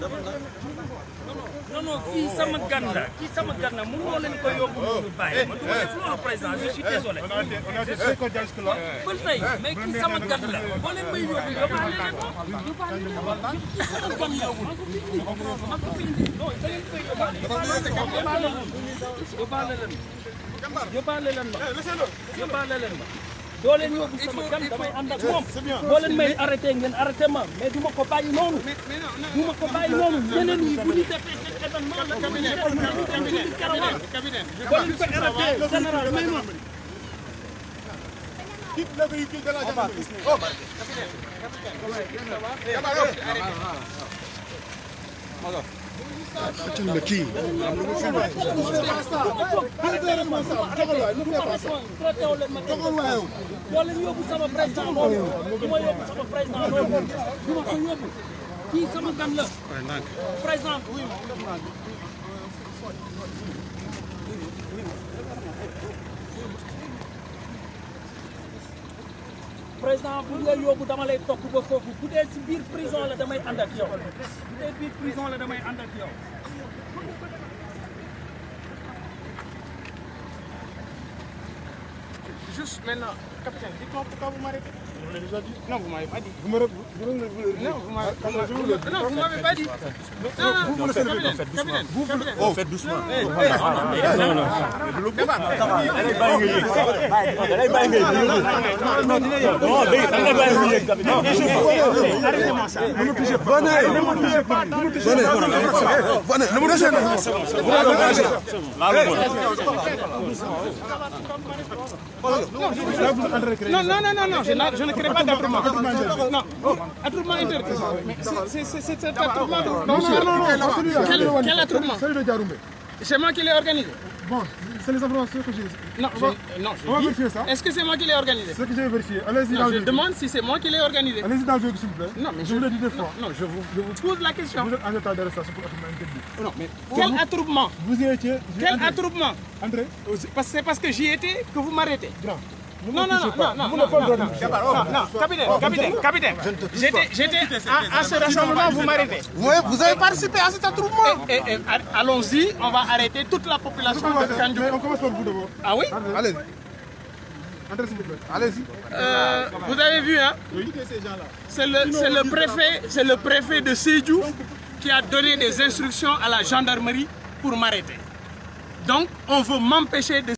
non non kii sama gan la kii sama gan la mënuloo leen ko yóbbu ñu bàyyi ma du ma def loolu président je suis désolé. ba tey mais kii sama gan la boo leen may yóbbu yóbbaale leen ko yóbbaale leen ko kii sama gan yóbbul ma ko fi indi non da ngeen koy yóbbaale yóbbaale leen yóbbaale leen ma eh, yóbbaale leen ma doole leen yóbbu sama jam damay ànd ak moom doo leen may arrêté ngeen arrêté ma mais du ma ko bàyyi noonu du ma ko bàyyi noonu ñeneen ñi bu ñu defee seen événement la doo leen ko arrêté général may ma Attends, mais qui wala ñu yóbbu sama président loolu du ma yóbbu sama président loolu du ma ko yóbbu kii sama gan la président président vous ñu en dama lay topp ba prison la prison juste maintenant capitaine dites-moi pourquoi vous m'arrêtez vous m'avez pas dit Non, vous m'avez pas dit. Vous Non, vous m'avez pas dit. Non, vous Vous faites doucement. Vous vous Non, non. Non, non, non, crée pas d'attroupement. Non, oh, attroupement interdit. C'est cet attroupement. Non, non, non, Quel attroupement Celui de C'est moi qui l'ai organisé. Bon, c'est les informations que j'ai. Non, non, je On va vérifier ça. Est-ce que c'est moi qui l'ai organisé C'est ce que j'ai vérifié. Allez-y dans le Je demande si c'est moi qui l'ai organisé. Allez-y dans le jeu, s'il vous plaît. Non, mais je, vous l'ai dit deux fois. Non, je, vous, je vous pose la question. Vous êtes en état d'arrestation pour attroupement interdit. Non, mais quel attroupement Vous y étiez. Quel attroupement André oh, C'est parce que j'y étais que vous m'arrêtez. Grand. Non, non, non, non, vous non, non, non, non, capitaine, oh, capitaine, capitaine, j'étais à, ce rassemblement, vous m'arrêtez. Eh, eh, eh, vous avez participé à cet attroupement. Allons-y, on va arrêter toute la population de Kandjou. On commence par vous d'abord. Ah oui Allez. Allez-y. Euh, vous avez vu, hein Oui. C'est le, le, préfet, c'est le préfet de Sejou qui a donné des instructions à la gendarmerie pour m'arrêter. Donc, on veut m'empêcher de